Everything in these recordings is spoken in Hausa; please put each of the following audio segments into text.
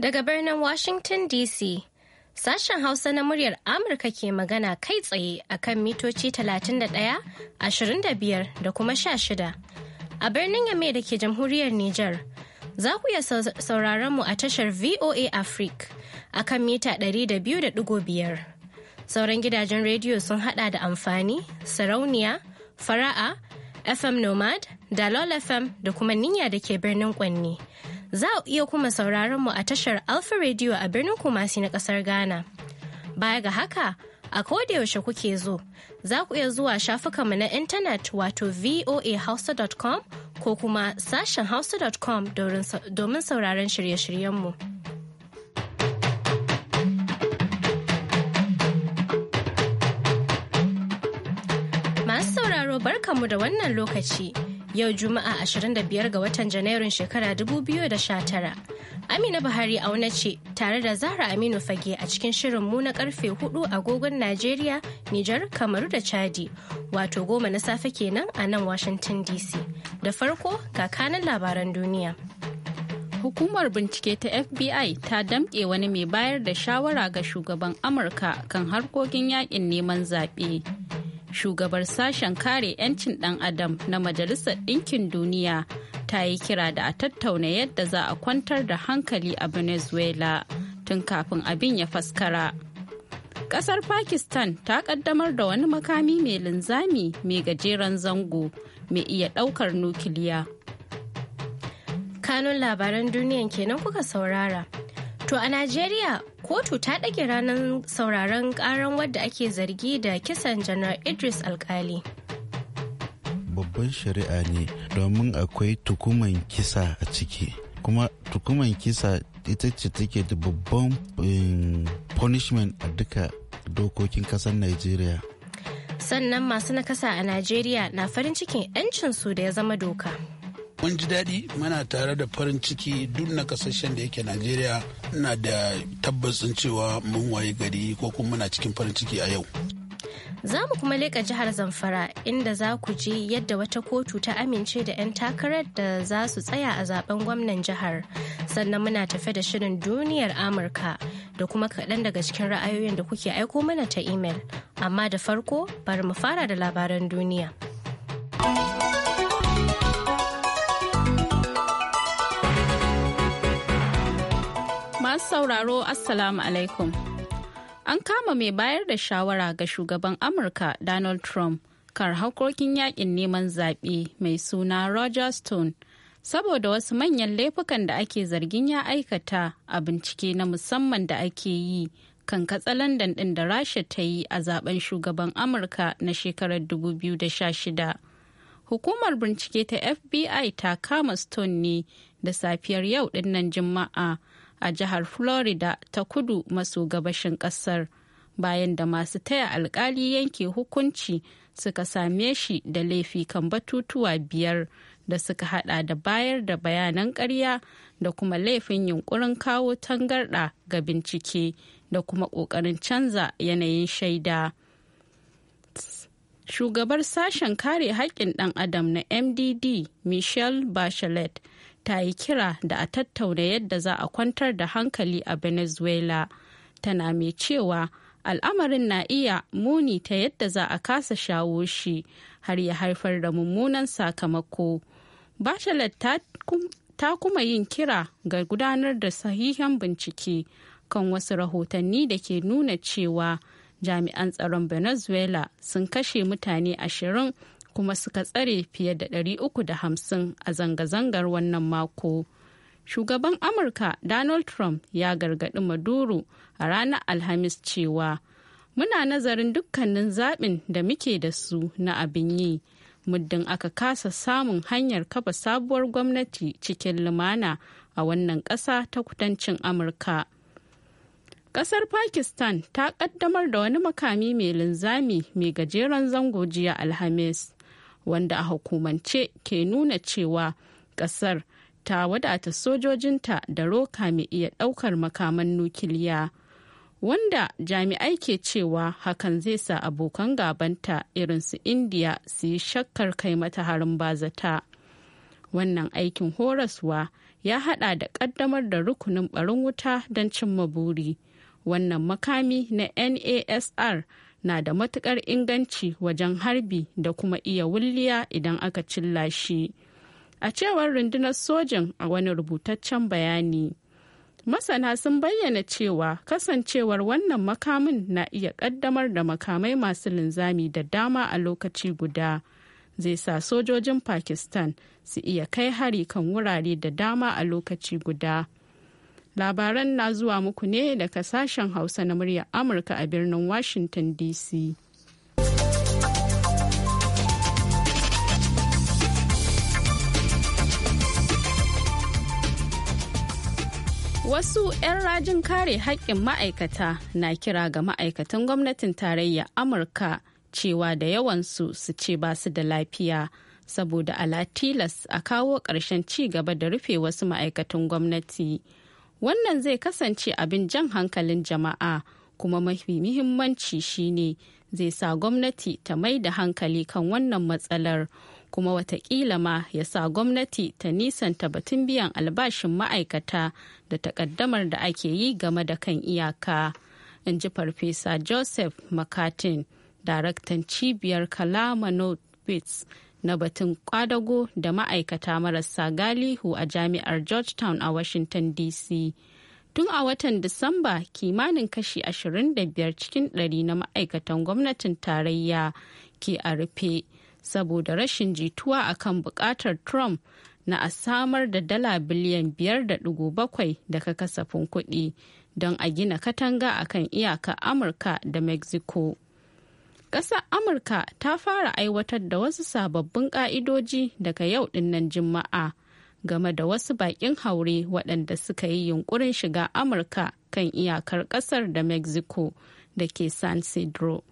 Daga birnin Washington DC, sashen Hausa na muryar Amurka ke magana kai tsaye a kan mitoci 31, 25 da kuma 16. A birnin Yame da ke jamhuriyar Nijar, za ku iya sauraron mu a tashar VOA Africa a kan mita 200.5. Sauran gidajen rediyo sun hada da amfani, sarauniya, fara'a, FM Nomad, Dalol FM da kuma niyya da ke birnin Kwanni. Za a iya kuma sauraron mu a tashar Alpha Radio a birnin Kumasi na kasar Ghana. Baya ga haka, a yaushe kuke zo, za ku iya zuwa shafukanmu na intanet wato voahausa.com ko kuma sashen hausa.com domin sauraron shirye-shiryenmu. Masu sauraro barkanmu da wannan lokaci. Yau Juma'a 25 ga watan Janairun shekara 2019. Amina Buhari auna ce tare da Zahra Aminu Fage a cikin shirin mu na karfe 4 agogon Najeriya, Nijar, Kamaru da Chadi. Wato goma na safe kenan a nan Washington DC. Da farko kakanin labaran duniya. hukumar bincike ta FBI ta damƙe wani mai bayar da shawara ga shugaban Amurka kan harkokin yakin neman zaɓe. shugabar sashen kare 'yancin ɗan adam na majalisar ɗinkin duniya ta yi kira da a tattauna yadda za a kwantar da hankali a venezuela tun kafin abin ya faskara ƙasar pakistan ta ƙaddamar da wani makami mai linzami mai gajeren zango mai iya ɗaukar nukiliya kanun labaran duniyan kenan kuka saurara To a Najeriya, kotu ta ɗage ranar sauraron ƙaran wadda ake zargi da kisan janar Idris alkali. Babban shari'a ne domin akwai tukuman kisa a ciki. Kuma tukuman kisa ita ce take da babban eh, punishment a duka dokokin ƙasar Najeriya. Sannan masu nakasa a Najeriya na farin cikin 'yancinsu da ya zama doka. mun ji daɗi muna tare da farin ciki duk na kasashen da yake najeriya na da tabbacin cewa mun waye gari ko kuma muna cikin farin ciki a yau za mu kuma leƙa jihar zamfara inda za ku ji yadda wata kotu ta amince da 'yan takarar da za su tsaya a zaben gwamnan jihar sannan muna tafe da shirin duniyar amurka da kuma kaɗan daga cikin ra'ayoyin da kuke aiko mana ta imel amma da farko bari mu fara da labaran duniya. Masu sauraro Assalamu alaikum. An kama mai bayar da shawara ga shugaban Amurka Donald Trump kar harkokin yakin neman zaɓe mai suna Roger Stone saboda wasu manyan laifukan da ake zargin ya aikata a bincike na musamman da ake yi kan katsalandan ɗin da Rasha ta yi a zaben shugaban Amurka na shekarar 2016. Hukumar bincike ta FBI ta kama Stone ne da safiyar yau ɗinnan Juma'a. a jihar Florida ta kudu maso gabashin kasar bayan da masu taya alkali yanke hukunci suka same shi da laifi kan batutuwa biyar da suka hada da bayar da bayanan ƙarya da kuma laifin yunkurin kawo tangarɗa ga bincike da kuma ƙoƙarin canza yanayin shaida. Shugabar sashen kare haƙƙin ɗan adam na MDD Michelle Bachelet ta yi kira da a tattauna yadda za a kwantar da hankali a venezuela tana mai cewa al'amarin na iya muni ta yadda za a kasa shawo shi har ya haifar da mummunan sakamako bachelet ta kuma yin kira ga gudanar da sahihan bincike kan wasu rahotanni da ke nuna cewa jami'an tsaron venezuela sun kashe mutane ashirin kuma suka tsare fiye da 350 a zanga-zangar wannan mako. Shugaban Amurka Donald Trump ya gargaɗi Maduro a ranar Alhamis cewa muna nazarin dukkanin zaɓin da muke da su na abin yi. Muddin aka kasa samun hanyar kafa sabuwar gwamnati cikin lumana a wannan ƙasa ta kudancin Amurka. Ƙasar Pakistan ta ƙaddamar da wani makami mai linzami mai gajeren zango jiya Alhamis. wanda a hukumance ke nuna cewa kasar ta wadata sojojinta da roka mai iya daukar makaman nukiliya wanda jami'ai ke cewa hakan zai sa abokan gabanta irin su indiya su yi shakkar kai mata harin bazata wannan aikin horaswa ya hada da kaddamar da rukunin barin wuta don cimma buri wannan makami na nasr na da matukar inganci wajen harbi da kuma iya wulliya idan aka cilla shi. A cewar rundunar sojin a wani rubutaccen bayani. Masana sun bayyana cewa kasancewar wannan makamin na iya ƙaddamar da makamai masu linzami da dama a lokaci guda. Zai sa sojojin Pakistan su iya kai hari kan wurare da dama a lokaci guda. labaran na zuwa muku ne daga sashen hausa na murya amurka a birnin washington dc Wasu 'yan rajin kare haƙƙin ma'aikata na kira ga ma'aikatan gwamnatin tarayya Amurka cewa da yawansu su ce ba su da lafiya saboda ala tilas a kawo ƙarshen ci gaba da rufe wasu ma'aikatan gwamnati. wannan zai kasance abin jan hankalin jama'a kuma mafi muhimmanci shine zai sa gwamnati ta mai da hankali kan wannan matsalar kuma watakila ma ya sa gwamnati ta nisanta batun biyan albashin ma'aikata da takaddamar da ake yi game da kan iyaka in ji farfesa joseph mccartin daraktan cibiyar kalamanobits na batun kwadago da ma'aikata marasa galihu a jami'ar georgetown a washington dc tun a watan disamba kimanin kashi 25 cikin 100 na ma'aikatan gwamnatin tarayya ke a rufe saboda rashin jituwa a kan bukatar trump na a samar da dala biliyan 5.7 daga kasafin kuɗi don a gina katanga akan iyaka amurka da mexico ƙasar amurka ta fara aiwatar da wasu sababbin ƙa'idoji daga yau dinnan juma'a game da wasu baƙin haure waɗanda suka yi yunƙurin shiga amurka kan iyakar ƙasar da mexico da ke san Pedro.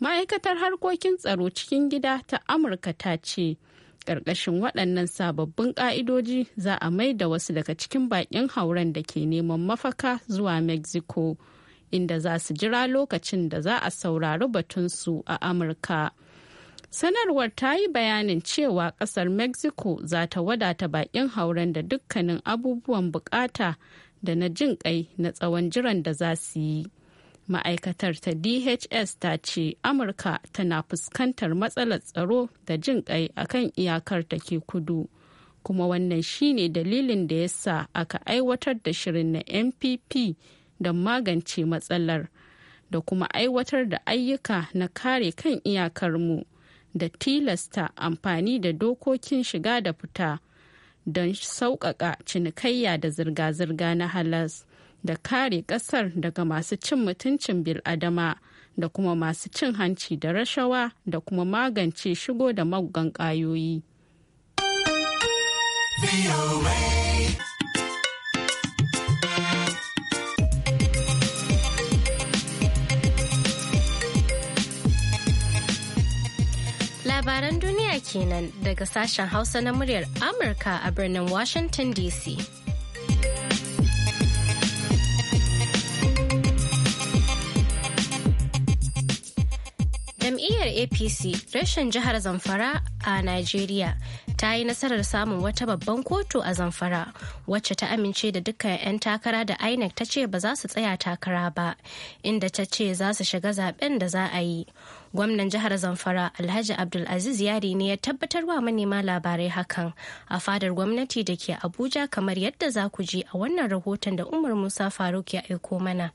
ma'aikatar harkokin tsaro cikin gida ta amurka ta ce ƙarƙashin waɗannan sababbin ƙa'idoji za a mai da wasu daga cikin baƙin hauren da ke neman mafaka zuwa mexico inda za su jira lokacin da za a saurari batunsu a Amurka. Sanarwar ta yi bayanin cewa kasar Mexico za ta wadata baƙin hauren da dukkanin abubuwan bukata da na jin ƙai na tsawon jiran da za su yi. ma'aikatar ta dhs ta ce amurka tana fuskantar matsalar tsaro da jin kai akan iyakar ta ke kudu kuma wannan shine dalilin da ya sa aka aiwatar da shirin na npp don magance matsalar da kuma aiwatar da ayyuka na kare kan iyakarmu da tilasta amfani da dokokin shiga da fita don sauƙaƙa cinikayya da zirga-zirga na halas da kare ƙasar daga masu cin mutuncin bil'adama da kuma masu cin hanci da rashawa da kuma magance shigo da maggan ƙayoyi. labaran duniya kenan daga sashen Hausa na muryar Amurka a birnin Washington DC. Jam'iyyar APC rashin jihar Zamfara a Najeriya ta yi nasarar samun wata babban kotu a Zamfara wacce ta amince da dukkan 'yan takara da INEC ta ce ba za su tsaya takara ba inda ta ce za su shiga zaben da za a yi. gwamnan jihar zamfara alhaji abdulaziz yari ne ya tabbatar wa manema labarai hakan a fadar gwamnati da ke abuja kamar yadda za ku ji a wannan rahoton da umar musa faruk ya aiko mana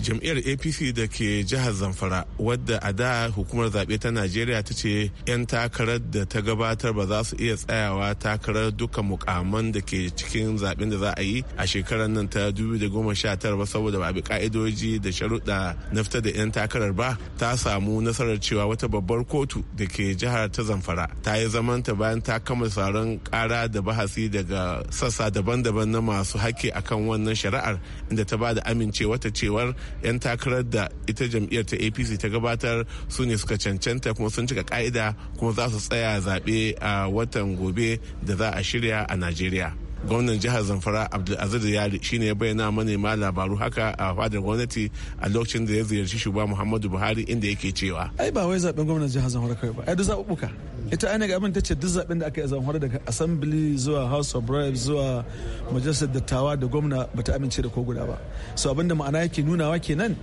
jam'iyyar apc da ke jihar zamfara wadda a da hukumar zaɓe ta najeriya ta ce 'yan takarar da ta gabatar ba za su iya tsayawa takarar duka mukaman da ke cikin zaɓen da za a yi a shekarar nan ta 2019 ba saboda ba bi ka'idoji da sharuɗa na fita da 'yan takarar ba ta samu nasarar cewa wata babbar kotu da ke jihar ta zamfara ta yi zamanta bayan ta kama tsaron ƙara da bahasi daga sassa daban-daban na masu haƙƙi akan wannan shari'ar inda ta ba da amincewa ta cewar 'yan takarar da ita jam'iyyar ta apc ta gabatar su ne suka cancanta kuma sun cika ka'ida kuma za su tsaya zaɓe a watan gobe da za a shirya a najeriya gwamnan jihar zamfara abdulaziz yari shine ya bayyana manema labaru haka a fadar gwamnati a lokacin da ya ziyarci shugaba muhammadu buhari inda yake cewa ai ba wai zaben gwamnan jihar zamfara kawai ba ai duk zaɓuɓɓuka ita ainihin ga abin ta ce duk zaben da aka yi zamfara daga assembly zuwa house of reps zuwa majalisar dattawa da gwamna bata amince da ko guda ba so abinda da ma'ana yake nunawa kenan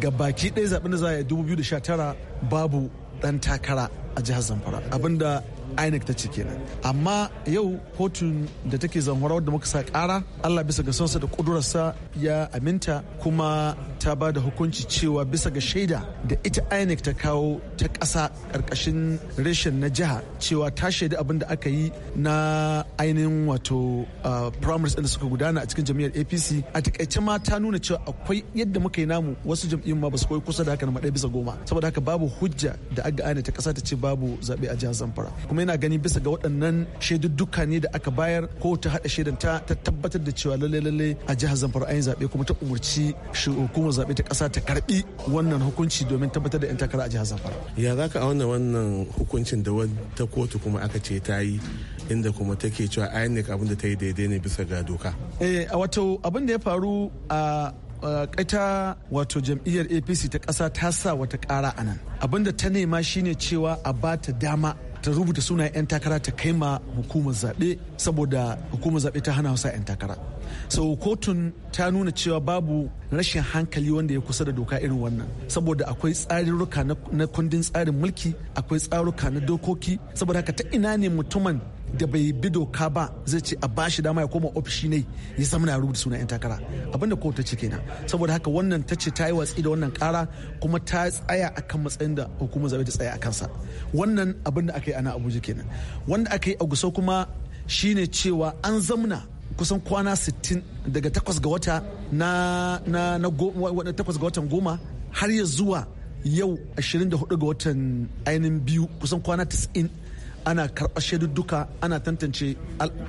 ga baki ɗaya zaben da za a yi 2019 babu ɗan takara a jihar zamfara abinda inec ta ce kenan amma yau kotun da take zanhora da muka sa kara allah bisa ga sansa da kudurarsa ya aminta kuma ta ba da hukunci cewa bisa ga shaida da ita inec ta kawo ta ƙasa ƙarƙashin reshen na jiha cewa ta shaida abin da aka yi na ainihin wato uh, primaries da suka gudana a cikin jam'iyyar apc a takaice ma ta nuna cewa akwai yadda muka yi namu wasu jam'iyyun ma ba su koyi kusa da haka na maɗaya bisa goma saboda haka babu hujja da aka ainihin ta ƙasa ta ce babu zaɓe a jihar zamfara kuma yana gani bisa ga waɗannan shaidudduka ne da aka bayar ko ta haɗa shaidan ta tabbatar da cewa lalle-lalle a jihar zamfara an yi zaɓe kuma ta umarci hukumar hukumar zaɓe ta ƙasa ta karɓi wannan hukunci domin tabbatar da 'yan takara a jihar zamfara ya za ka auna wannan hukuncin da wata kotu kuma aka ce ta yi inda kuma take cewa inec abin da ta yi daidai ne bisa ga doka eh, a wato abin da ya faru a kaita wato jam'iyyar apc ta ƙasa ta sa wata ƙara a nan abin da ta nema shine cewa a ba ta dama ta rubuta sunayen 'yan takara ta kai ma hukumar zaɓe saboda hukumar zaɓe ta hana wasa 'yan takara sau kotun ta nuna cewa babu rashin hankali wanda ya kusa da doka irin wannan saboda akwai tsaruruka na kundin tsarin mulki akwai tsaruka na dokoki saboda haka ta ina ne mutumin da bai bi doka ba zai ce a bashi dama ya koma ofishi ne ya zama na rubuta sunan 'yan takara abinda ko ta ce kenan saboda haka wannan ta ce ta yi watsi da wannan kara kuma ta tsaya akan matsayin da hukumar zabe ta tsaya a kansa wannan abin da aka yi ana abuja kenan wanda aka yi a gusau kuma shine cewa an zamna kusan kwana 60 daga 8 ga wata na na na 8 ga watan goma har ya zuwa yau 24 ga watan ainihin biyu kusan kwana 90 ana karɓar shaidudduka ana tantance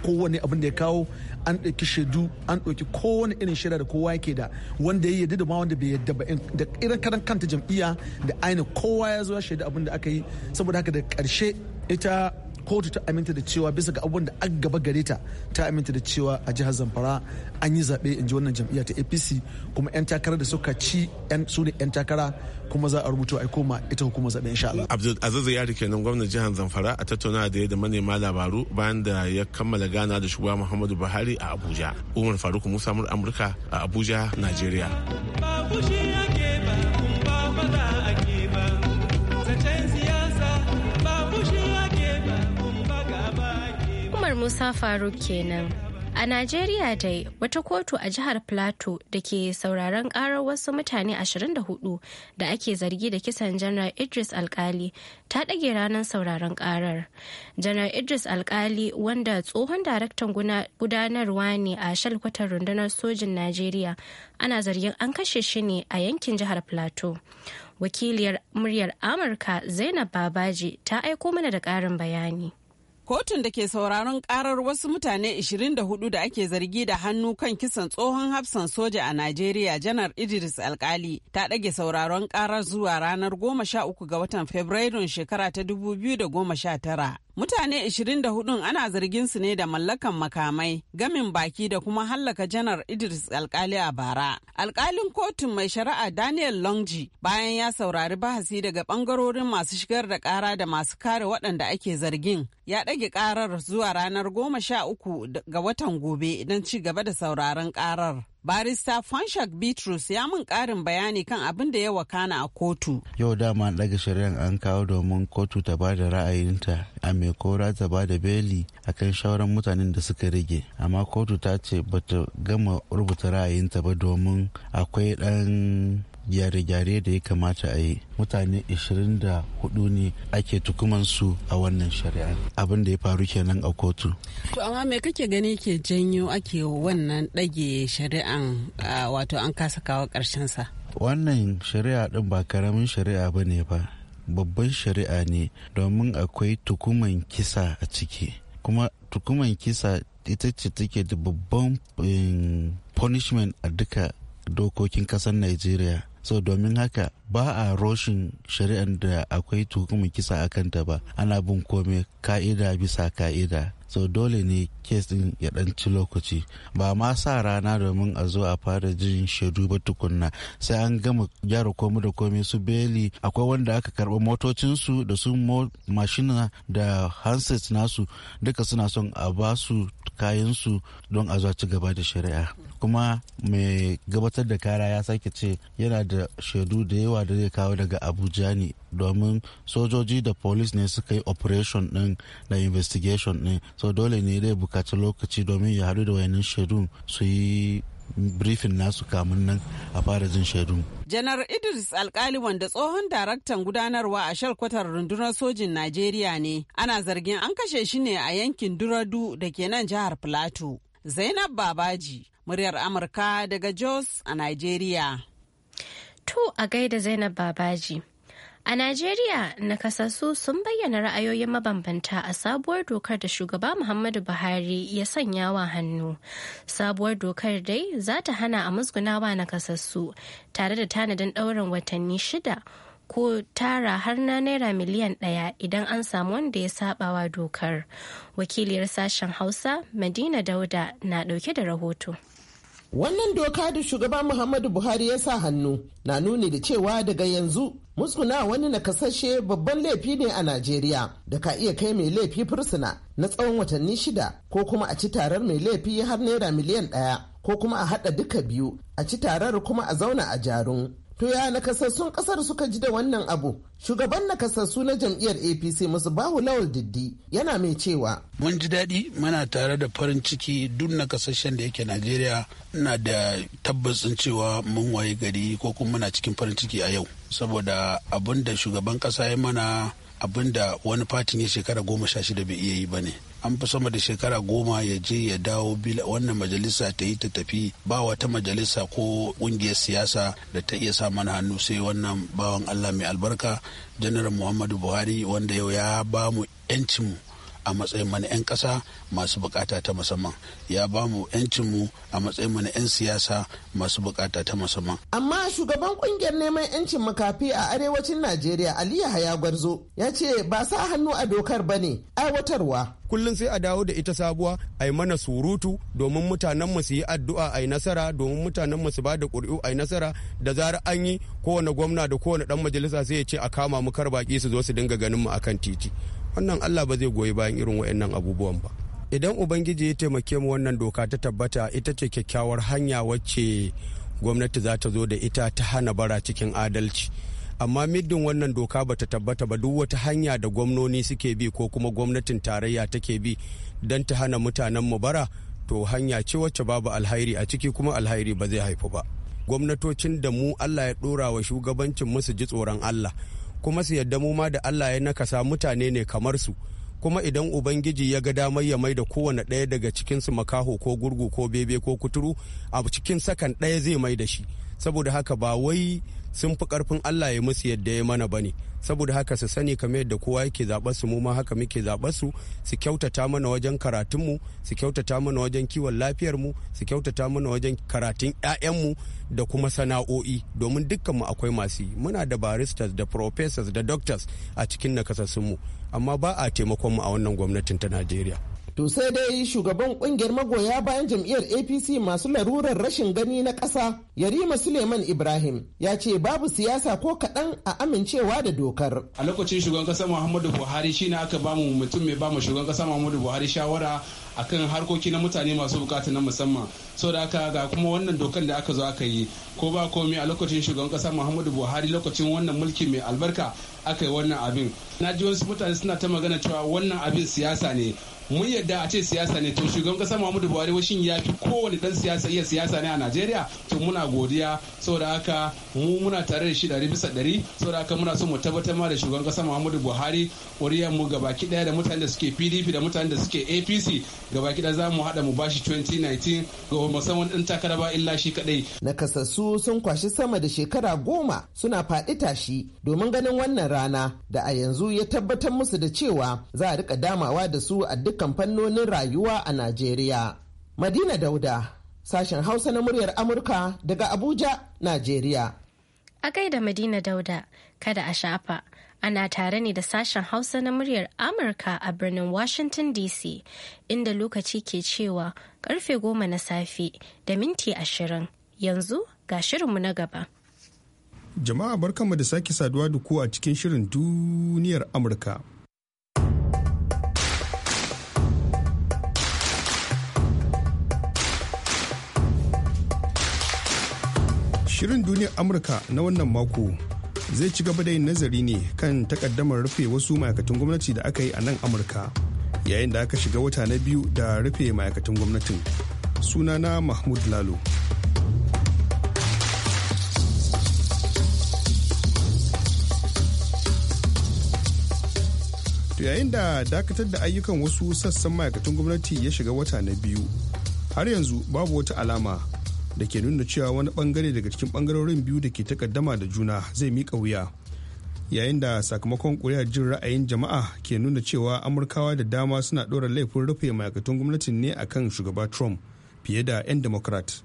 kowane abin da ya kawo an ɗauki shaidu an ɗauki kowane irin shaida da kowa yake da wanda ya yadda da ma wanda bai yadda ba da irin karan kanta jam'iyya da aina kowa ya zo ya shaida abin da aka yi saboda haka da ƙarshe ita kotu ta aminta da cewa bisa ga abubuwan da aka gaba gare ta ta aminta da cewa a jihar zamfara an yi zaɓe in ji wannan jam'iyya ta apc kuma 'yan takarar da suka ci su ne 'yan takara kuma za a rubuta a koma ita hukuma zaɓe insha Allah. Abdul Aziz nan nan gwamnan jihar Zamfara a tattauna da da manema labaru bayan da ya kammala gana da shugaba Muhammadu Buhari a Abuja. Umar Faruk Musa Amurka a Abuja, Najeriya. Musa Faruk kenan. A Najeriya dai wata kotu a jihar Plateau da ke sauraron karar wasu mutane 24 da ake zargi da kisan Janar Idris Alkali ta ɗage ranar sauraron karar. Janar Idris Alkali wanda tsohon daraktan gudanarwa ne a shalkwatar rundunar sojin Najeriya ana zargin an kashe shi ne a yankin jihar Plateau. Wakiliyar muryar Amurka Zainab Babaji ta aiko mana da ƙarin bayani. Kotun da ke sauraron karar wasu mutane 24 da ake zargi da hannu kan kisan tsohon hafsan soja a Najeriya janar Idris Alkali ta ɗage sauraron karar zuwa ranar 13 ga watan Fabrairun shekara ta 2019. Mutane 24 ana zargin su ne da mallakan makamai, gamin baki da kuma hallaka janar Idris alkali a bara. Alkalin kotun mai shari'a Daniel Longji bayan ya saurari bahasi daga bangarorin masu shigar da kara da masu kare waɗanda ake zargin ya ɗage karar zuwa ranar goma sha uku ga watan gobe idan ci gaba da sauraron karar. barista fanshak bitrus ya mun karin bayani kan abin da ya wakana a kotu yau dama an ɗaga shari'ar an kawo domin kotu ta ba da ra'ayinta a mai kora ta ba da beli akan shawarar mutanen da suka rage amma kotu ta ce bata gama rubuta ra'ayinta ba domin akwai ɗan gyare-gyare da ya kamata a yi mutane 24 ne ake tukumansu a wannan shari'a abinda ya faru kenan a kotu to amma me kake gani ke janyo ake wannan ɗage shari'an wato an kasa kawo sa. wannan shari'a ɗin ba karamin shari'a ba ne ba babban shari'a ne domin akwai tukuman kisa a ciki kuma tukuman kisa ita ce take da babban eh, punishment a duka dokokin kasar Najeriya so domin haka ba a roshin shari'ar da akwai tuhumin kisa a kanta ba ana bin komai ka'ida bisa ka'ida so dole ne kes din ya ɗanci lokaci ba ma sa rana domin a zo a fara jin shaidu ba tukunna sai an gama gyara komi da komai su beli akwai wanda aka karɓi motocinsu da su mashina da hanset nasu duka suna son a ba su kayansu don a zuwa ci gaba da shari'a kuma mai gabatar da kara ya sake ce yana da shaidu da yawa da zai kawo daga abuja ne domin sojoji da polis ne suka yi operation din da investigation din so dole ne zai bukaci lokaci domin ya haɗu da wayannan shaidun su yi briefing nasu kamun nan a fara jin shaidu. janar idris alkali wanda tsohon daraktan gudanarwa a shalkwatar rundunar sojin najeriya ne ana zargin an kashe shi ne a yankin duradu da ke nan jihar plateau zainab babaji muryar amurka daga jos a nigeria. to a gaida zainab babaji A Najeriya, nakasassu sun bayyana ra'ayoyin mabambanta a sabuwar dokar da shugaba Muhammadu Buhari ya sanya wa hannu. Sabuwar dokar dai za ta hana a musgunawa nakasassu tare da tanadin ɗaurin watanni shida ko tara har na naira miliyan ɗaya idan an samu wanda ya sabawa dokar. Wakiliyar sashen Hausa Madina Dauda na ɗauke da rahoto. Wannan doka da shugaba Muhammadu Buhari ya sa hannu na nuni da cewa daga yanzu Musguna wani nakasashe babban laifi ne a Najeriya da ka iya kai mai laifi fursuna na tsawon watanni shida ko kuma a ci tarar mai laifi har naira miliyan ɗaya ko kuma a haɗa duka biyu a ci tarar kuma a zauna a jarun. To ya nakasassun kasar suka ji da wannan abu? Shugaban nakasassu na jam'iyyar APC musu bawu lawal diddi yana mai cewa. Mun ji daɗi muna tare da farin ciki duk nakasashen da yake Najeriya na da tabbacin cewa mun waye gari ko kuma muna cikin farin ciki a yau. Saboda abin da shugaban ƙasa ya mana abin da wani fatin ya shekara goma sha shida bai iya yi ba ne. an fi sama da shekara goma ya je ya dawo wannan majalisa ta yi ta tafi ba wata majalisa ko ƙungiyar siyasa da ta iya sa mana hannu sai wannan bawan allah mai albarka janar muhammadu buhari wanda yau ya ba mu 'yancinmu a matsayin mana 'yan ƙasa masu bukata ta musamman ya ba mu mu a matsayin mana 'yan siyasa masu bukata ta musamman. amma shugaban kungiyar neman 'yancin makafi a arewacin najeriya aliyu haya gwarzo ya ce ba sa hannu a dokar ba ne aiwatarwa kullum sai a dawo da ita sabuwa a yi mana surutu domin mutanenmu su yi addu'a a yi nasara domin mutanenmu su ba da ƙuri'u a yi nasara da zarar an yi kowane gwamna da kowane dan majalisa sai ya ce a kama mu kar baƙi su zo su dinga ganin mu akan titi wannan allah ba zai goyi bayan irin waɗannan abubuwan ba idan ubangiji ya taimake mu wannan doka ta tabbata ita ce kyakkyawar hanya wacce gwamnati za ta zo da ita ta hana bara cikin adalci amma middin wannan doka ba ta tabbata ba duk wata hanya da gwamnoni suke bi ko kuma gwamnatin tarayya take bi don ta hana mutanen mu bara to hanya ce wacce babu alhairi a ciki kuma alhairi ba zai haifu ba gwamnatocin da mu allah ya ɗora wa shugabancin su ji tsoron allah kuma su yadda mu ma da Allah ya nakasa mutane ne kamar su kuma idan ubangiji ya ga damar ya mai da kowane ɗaya daga cikinsu makaho ko gurgu ko bebe ko kuturu a cikin sakan ɗaya zai mai da shi saboda haka ba wai sun fi karfin allah ya musu yadda ya mana bane saboda haka su sani kamar yadda kowa yake zaɓar su mu ma haka muke zaɓar su su kyautata mana wajen karatunmu su kyautata mana wajen kiwon lafiyar mu su kyautata mana wajen karatun mu da kuma sana'o'i domin dukkanmu akwai masu yi muna da baristas da professors da doctors a cikin nakasassunmu amma ba a taimakon mu a wannan gwamnatin ta najeriya to sai dai shugaban kungiyar magoya bayan jam'iyyar apc masu larurar rashin gani na ƙasa yarima suleiman ibrahim ya ce babu siyasa ko kaɗan a amincewa da dokar a lokacin shugaban ƙasa muhammadu buhari shine aka bamu mutum mai bamu shugaban ƙasa muhammadu buhari shawara akan harkoki na mutane masu bukatu na musamman so da haka ga kuma wannan dokan da aka zo aka yi ko ba komai a lokacin shugaban kasa muhammadu buhari lokacin wannan mulki mai albarka aka yi wannan abin na ji wasu mutane suna ta magana cewa wannan abin siyasa ne mun yadda a ce siyasa ne to shugaban kasa Muhammadu Buhari wa shin ya fi kowane dan siyasa iya siyasa ne a Najeriya to muna godiya saboda haka mu muna tare da shi dari bisa ɗari saboda haka muna so mu tabbatar ma da shugaban kasa Muhammadu Buhari wariya mu gabaki daya da mutanen da suke PDP da mutanen da suke APC gabaki ɗaya za mu hada mu bashi 2019 ga musamman ɗin takara ba illa shi na Nakasassu sun kwashi sama da shekara goma suna faɗi tashi domin ganin wannan rana da a yanzu ya tabbatar musu da cewa za a rika damawa da su a duk dukkan fannonin rayuwa a Najeriya. Madina Dauda, sashen Hausa na muryar Amurka daga Abuja, Najeriya. A gaida Madina Dauda, kada a shafa. Ana tare ne da sashen Hausa na muryar Amurka a birnin Washington DC, inda lokaci ke cewa karfe goma na safe da minti ashirin. Yanzu ga shirinmu na gaba. Jama'a barkanmu da sake saduwa da ku a cikin shirin duniyar Amurka. Shirin duniyar Amurka na wannan mako zai ci gaba da yin nazari ne kan takaddamar rufe wasu ma'aikatan gwamnati da aka yi a nan Amurka yayin da aka shiga wata na biyu da rufe ma'aikatan gwamnatin. Sunana Mahmud Lalo. yayin da dakatar da ayyukan wasu sassan ma'aikatan gwamnati ya shiga wata na biyu har yanzu babu wata alama da ke nuna cewa wani bangare daga cikin bangarorin biyu da ke takaddama da juna zai mika wuya yayin da sakamakon kuri'ar jin ra'ayin jama'a ke nuna cewa amurkawa da dama suna ɗora laifin rufe ma'aikatan gwamnatin ne akan shugaba trump fiye da 'yan democrat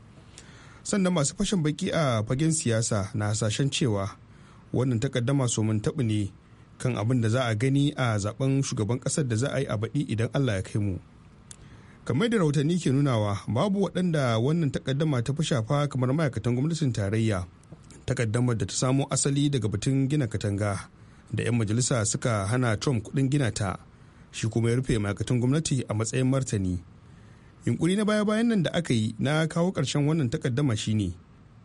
sannan masu fashin baki a fagen siyasa na hasashen cewa wannan takaddama somin taɓu ne kan abin da za a gani a zaben shugaban ƙasar da za a yi a baɗi idan allah ya kai mu. kamar da rahotanni ke nunawa babu waɗanda wannan takaddama ta fi shafa kamar ma'aikatan gwamnatin tarayya takaddamar da ta samo asali daga batun gina katanga da 'yan majalisa suka hana trump kuɗin gina ta shi kuma ya rufe ma'aikatan gwamnati a matsayin martani yunkuri na baya-bayan nan da aka yi na kawo ƙarshen wannan takaddama shine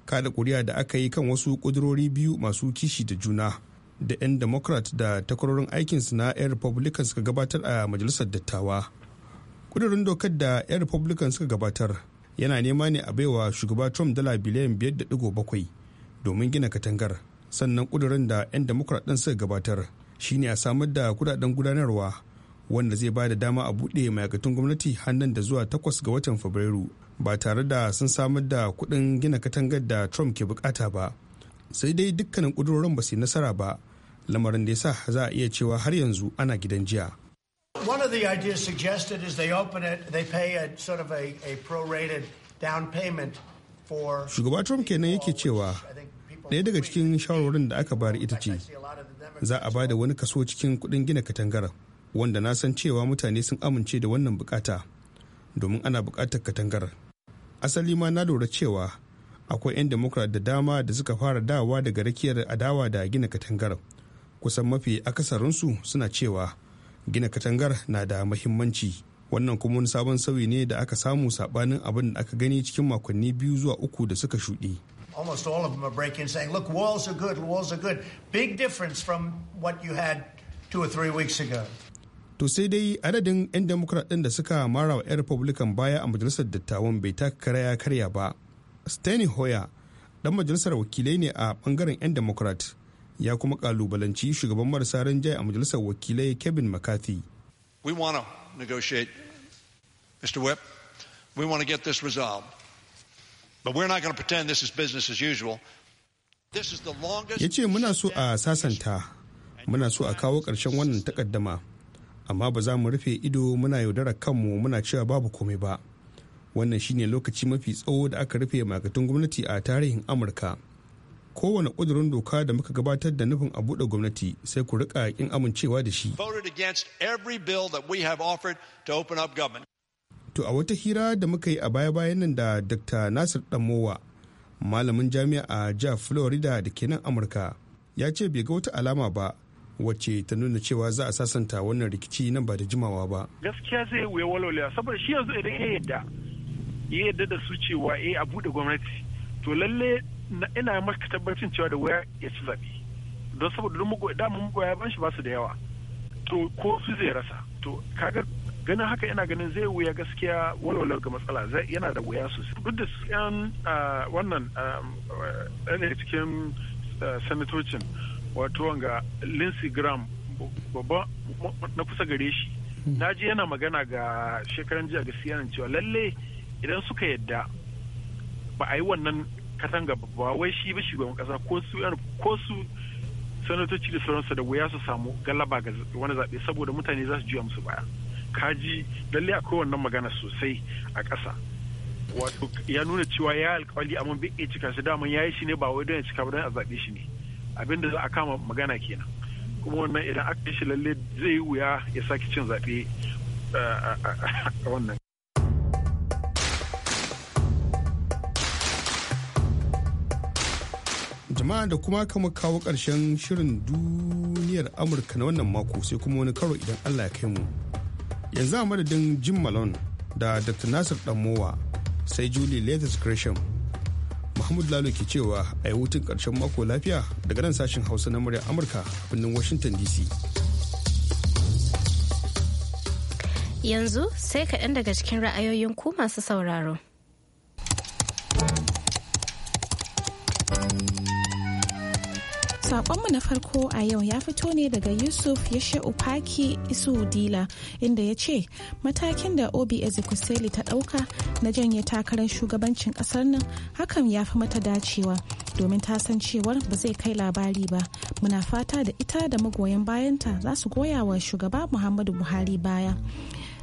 kada kuri'a da aka yi kan wasu ƙudurori biyu masu kishi da juna da 'yan democrat da takwarorin aikinsu na 'yan republican suka gabatar a majalisar dattawa kudurin dokar da 'yan republican suka gabatar yana nema ne a baiwa shugaba trump dala biliyan 5.7 domin gina katangar sannan kudurin da 'yan democrat din suka gabatar shine a samar da kudaden gudanarwa wanda zai ba da dama a buɗe ma'aikatan gwamnati hannun da zuwa 8 ga watan fabrairu ba tare da sun samar da kuɗin gina katangar da trump ke bukata ba sai dai dukkanin kudurorin ba su nasara ba lamarin da ya sa za a iya cewa har yanzu ana gidan jiya One of the ideas suggested is they open it, they pay a sort of a, a prorated down payment for. Shugaba Trump kenan yake cewa ɗaya daga cikin shawarwarin da aka bari ita ce za a ba da wani kaso cikin kuɗin gina katangar. wanda na san cewa mutane sun amince da wannan bukata domin ana bukatar katangar. Asali ma na lura cewa akwai 'yan demokrat da dama da suka fara dawa daga rakiyar adawa da gina katangar kusan mafi akasarinsu suna cewa gina katangar na da mahimmanci wannan kuma wani sabon sauyi ne da aka samu sabanin abin da aka gani cikin makonni biyu zuwa uku da suka shuɗe almost all of them are breaking saying look walls are good walls are good big difference from what you had two or three weeks ago to sai dai adadin 'yan democrat ɗin da suka mara wa 'yan republican baya a majalisar dattawan bai taka karaya karya ba steny hoyer dan majalisar wakilai ne a bangaren 'yan democrat ya kuma kalubalanci shugaban marasa rinjaye a majalisar wakilai kevin mccarthy we want to negotiate mr whip we want to get this resolved but we're not going to pretend this is business as usual this is the longest ya ce muna so a sasanta muna so a kawo ƙarshen wannan takaddama amma ba za mu rufe ido muna yaudarar kanmu muna cewa babu komai ba wannan shine lokaci mafi tsawo da aka rufe makatun gwamnati a tarihin amurka kowane ƙudurin doka da muka gabatar da nufin a buɗe gwamnati sai ku rika yakin amincewa da shi. To a wata hira da muka yi a baya-bayan nan da Dr. Nasir Damowa, malamin jami'a a jihar Florida da ke nan Amurka, ya ce bai ga wata alama ba wacce ta nuna cewa za a sasanta wannan rikici nan ba da jimawa ba. Gaskiya zai wuya walwala saboda shi yanzu idan ya yadda ya yadda da su cewa eh a buɗe gwamnati to lalle ina maka tabbacin cewa da waya ya ci zabi don saboda don da damun goya ban shi ba su da yawa to ko su zai rasa to kaga ganin haka yana ganin zai wuya gaskiya walwalar ga matsala yana da wuya sosai duk da yan wannan ɗan cikin sanatocin wato wanga Lindsey Graham babba na kusa gare shi hmm. na ji yana magana ga shekaran jiya ga CNN cewa lalle idan suka yadda ba a yi wannan katanga ba wai shi ba shugaban kasa ko su yan ko su sanatoci da sauransu da wuya su samu galaba ga wani zaɓe saboda mutane za su juya musu baya kaji lalle akwai wannan magana sosai a kasa wato ya nuna cewa ya alƙawali amma bai iya cika shi daman yayi yi shi ne ba wai don ya cika ba don a zaɓe shi ne abin za a kama magana kenan kuma wannan idan aka yi shi lalle zai yi wuya ya sake cin zaɓe eh, a wannan jama'a da kuma kama kawo ƙarshen shirin duniyar amurka na wannan mako sai kuma wani karo idan allah ya kai mu yanzu a madadin jim malone da dr nasir danmowa sai julie latest gresham mahmud lalo ke cewa a yi hutun ƙarshen mako lafiya daga nan sashen hausa na muryar amurka a birnin washington dc yanzu sai kaɗan daga cikin ra'ayoyin ku masu sauraro. Sakonmu na farko a yau ya fito ne daga Yusuf Yasha'u Paki Dila inda ya ce matakin da Obi Ezekwesili ta ɗauka na janye takarar shugabancin ƙasar nan hakan ya fi mata dacewa domin ta san cewar ba zai kai labari ba. Muna fata da ita da magoyan bayanta za su goya wa shugaba Muhammadu Buhari baya.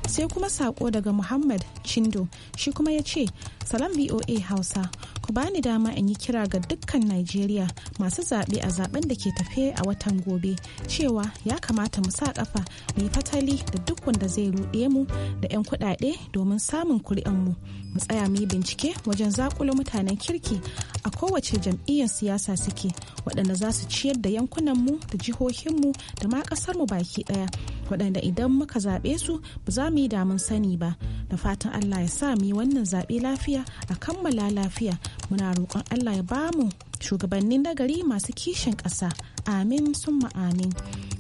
sai kuma sako daga muhammad chindo shi kuma ya ce salam voa hausa ku bani dama in yi kira ga dukkan Najeriya masu zaɓe a zaɓen da ke tafe a watan gobe cewa ya kamata mu sa ƙafa mu yi fatali da duk wanda zai ruɗe mu da 'yan kuɗaɗe domin samun kuri'anmu mu tsaya mu yi bincike wajen zakulo mutanen kirki a kowace jam'iyyar siyasa suke waɗanda za su ciyar da yankunan mu da jihohinmu da ma ƙasarmu baki ɗaya waɗanda idan muka zaɓe su ba za mu yi damun sani ba da fatan allah ya sa mu yi wannan zaɓe lafiya a kammala lafiya muna roƙon allah ya ba mu shugabannin nagari masu kishin ƙasa amin sun amin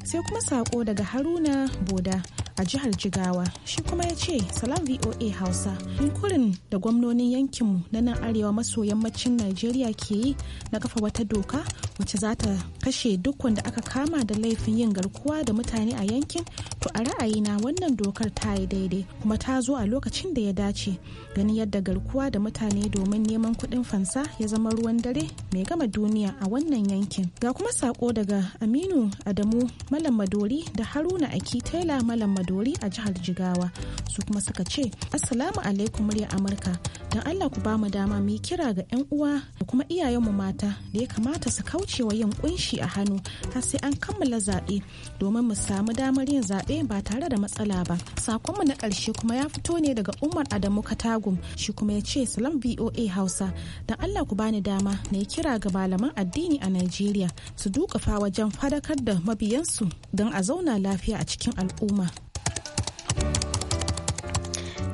sai kuma saƙo daga haruna boda a jihar Jigawa shi kuma ya ce salam VOA Hausa yunkurin da gwamnonin yankinmu na nan arewa maso yammacin Najeriya ke yi na kafa wata doka wacce za ta kashe duk wanda aka kama da laifin yin garkuwa da mutane a yankin to a ra'ayina wannan dokar ta yi daidai kuma ta zo a lokacin da ya dace ganin yadda garkuwa da mutane domin neman kuɗin fansa ya zama ruwan dare mai gama duniya a wannan yankin ga kuma sako daga Aminu Adamu Malam Madori da Haruna Aki Taylor Malam Dori a jihar Jigawa su kuma suka ce Assalamu alaikum murya Amurka don Allah ku ba mu dama mu kira ga 'yan uwa da kuma iyayenmu mata da ya kamata su kauce wa yin kunshi a hannu har sai an kammala zaɓe domin mu samu damar yin zaɓe ba tare da matsala ba. Sakonmu na ƙarshe kuma ya fito ne daga Umar Adamu Katagum shi kuma ya ce Salam VOA Hausa don Allah ku bani dama na kira ga malaman addini a Najeriya su duka fa wajen fadakar da mabiyansu don a zauna lafiya a cikin al'umma.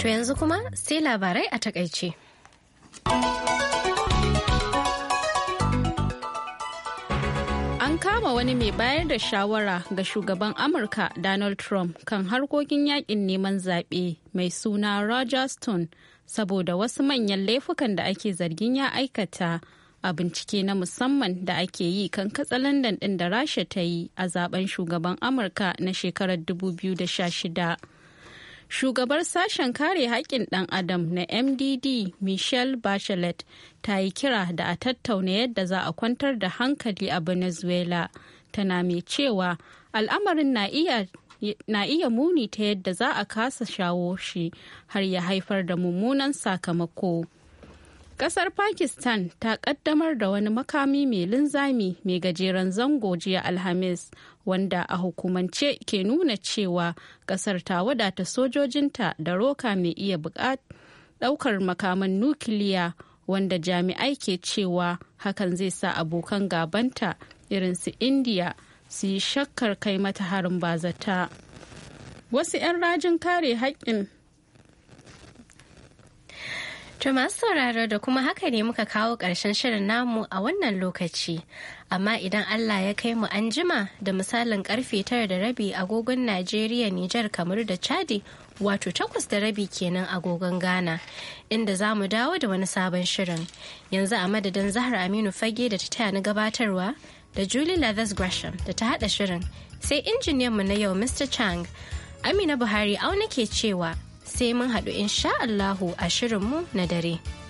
To yanzu kuma sai labarai a takaice. An kama wani mai bayar da shawara ga shugaban Amurka Donald Trump kan harkokin yakin neman zaɓe mai suna Roger Stone saboda wasu manyan laifukan da ake zargin ya aikata a bincike na musamman da ake yi kan katsalandan ɗin da Rasha ta yi a zaben shugaban Amurka na shekarar 2016. Shugabar sashen kare haƙƙin ɗan Adam na MDD Michelle Bachelet ta yi kira da a tattauna yadda za a kwantar da hankali a Venezuela. Tana mai cewa al'amarin na iya na iya muni ta yadda za a kasa shawo shi har ya haifar da mummunan sakamako. Kasar Pakistan ta kaddamar da wani makami mai linzami mai gajeren zango jiya Alhamis wanda a hukumance ke nuna cewa kasar ta wadata sojojinta da roka mai iya bukat daukar makaman nukiliya wanda jami'ai ke cewa hakan zai sa abokan gabanta irin su indiya su yi shakkar kai mata harin bazata. Wasu 'yan rajin kare haƙƙin To masu sauraro da kuma haka ne muka kawo ƙarshen shirin namu a wannan lokaci. Amma idan Allah ya kai mu an jima da misalin karfe tara da rabi agogon Najeriya, Nijar, kamar da Chadi wato takwas da rabi kenan agogon Ghana inda za mu dawo da wani sabon shirin. Yanzu a madadin Zahra Aminu Fage da ta taya na gabatarwa da Julie Lathers Gresham da ta haɗa shirin sai injiniyanmu na yau Mr. Chang. Amina Buhari au nake cewa sai mun haɗu insha Allahu a shirinmu na dare.